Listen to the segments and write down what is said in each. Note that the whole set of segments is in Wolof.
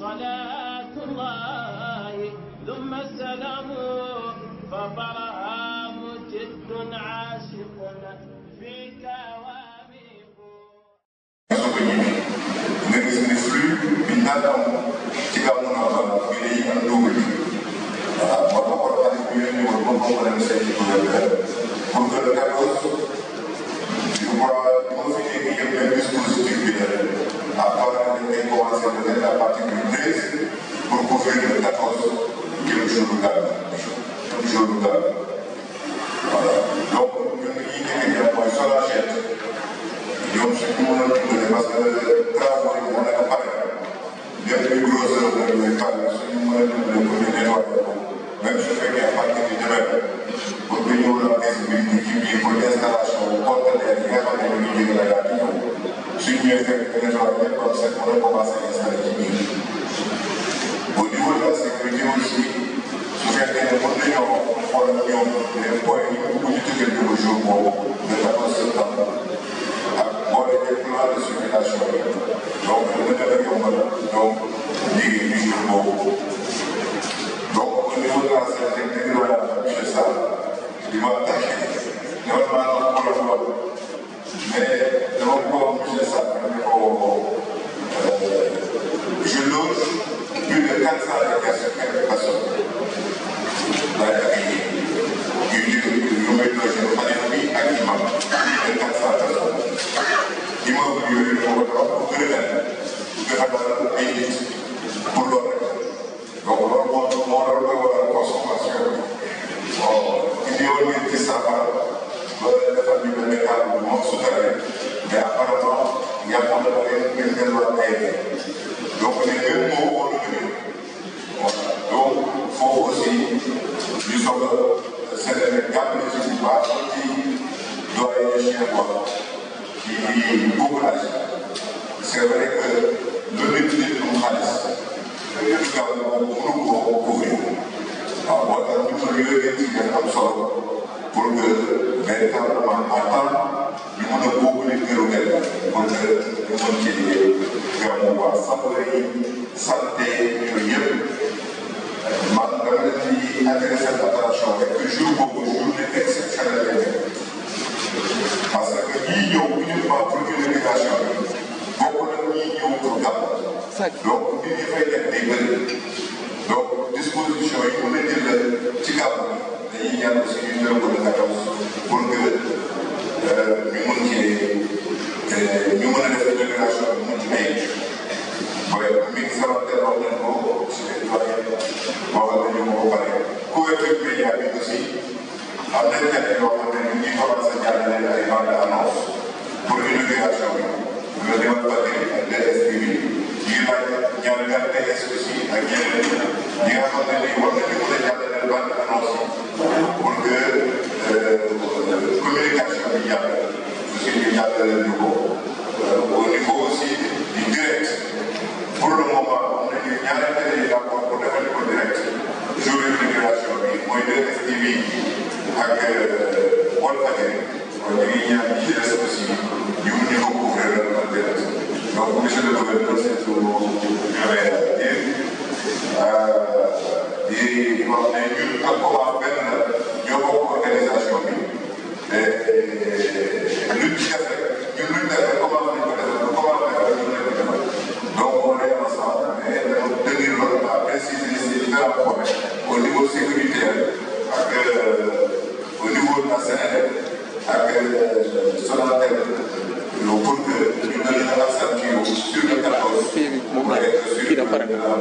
صلاة الله ثم السلام فطرها مجد عاشق فيك واميق réseau de Gaza réseau de Gaza voilà donc ñun ñi ngeen di def mooy SONAGED ñoom suñ ko mënoon dimbale parce que transport yi moo nekk pare ñoom ñooy gros œuvre ñoom ñooy pare suñu mën a dimbale ko ñu nettoyé ko même su fekkee à partir du nawet ba ba ñëw la mairie bi ñu ci biir pour installation conteneur yi nga xam ne ñu ngi jóge la yaa ci ñëw suñ ñëwee fekk nettoyé comme ça mën a commencé installé ci biir quelques jours boobu le 14 septembre ak boole des plan de circulation bi donc lu gën a yombal donc liggéey bi jour boobu donc au niveau de la CNG di doon monsieur Sall di ma attaqué normalement pour le lool mais dama ko wax monsieur Sall dama ko woo je loge plus de 400 immeuble yooyu ñoo ko defar pour gën a mel pour gën a dalal ay nit pour loolu rek donc loolu moo moo doon koy waral consommation bi ci yoon ngeen gis saafara ba defar ñu benn kàddu bu moom su tawee mais apparemment ñàkkoon na ko ngeen ngeen delluwaat ay donc les deux mots moo donc foofu aussi ñu soog a séddale jàppale ci bu baax ci doyen chien quoi du courage c' est vrai que lu nit nit mu xaalis lépp daal moom mënu ko couvrir waaw moo tax ñu mën yooyu ci ngeen am solo pour que véritablement en temps ñu mën a yi sac. donc nit ñi fay nekk day bëri donc disposition yi mën na jël la ci gàmm dañuy ñaan aussi ñu jël ko le 14 pour que euh, ñu mën cee euh, ñu mën a def délégation bi mën ci béy booy mi ngi sama teel wax nañ ko si les citoyens waxal nañu ko ba pare couverture média bi aussi am nañ ñett yoo xam ne ñu commencé jàllale ay bande annonce pour inauguration bi. le débat de la DSTV ñu ngi bàyyi ñëw na RTS ak ñeneen ñi nga xam ne nii war nañu mën a jàllale bande annonce pour que communication bi jàll aussi ñu jàllale ñu ko au niveau pour le moment am nañu ñaari télé yi d'accord pour defal ko direct jour libération bi mooy 2STV ak Walfadjri kon ñu ngi ñaan ñi ci des aussi ñu mun ñu ko couvrir en direct Donc, monsieur le gouverneur, c'est tout ñëwee ak yéen di wax ne ñun ak COPACEL benn la ñoo euh, bokk organisation bi te luñ ci def rek ñun luñ def rek COPACEL lañ ko def lu COPACEL lañ ko def donc on est ensemble mais dañoo tenir loolu la préciser ces différents problèmes au niveau sécuritaire ak euh, au niveau national ak Sonatel pour que euh,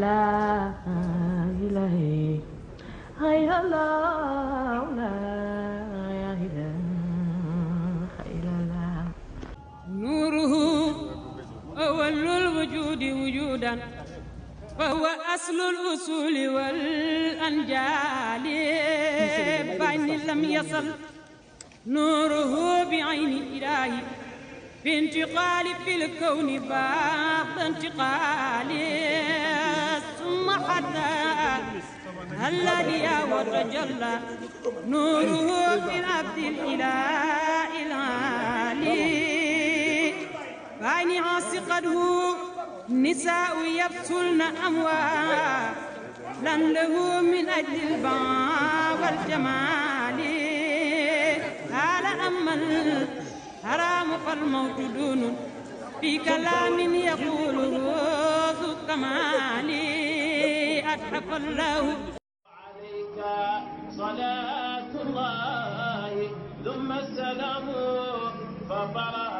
لا إله غير الله لا إله غير الله نوره أول الوجود وجودا فهو أصل الأصول والأنجال بعين لم يصل نوره بعين إلهي بانتقال في الكون بعد انتقال ثم حدا هلا ليا وتجلى نوره في العبد الإله العالي بعين عاصقته نساء يبتلن أموالا له من أجل الباع والجمال قال أما الحرام فالموت دون في كلام يقوله ذو الكمال قد حفى الله عليك صلاة الله ثم السلام فطرها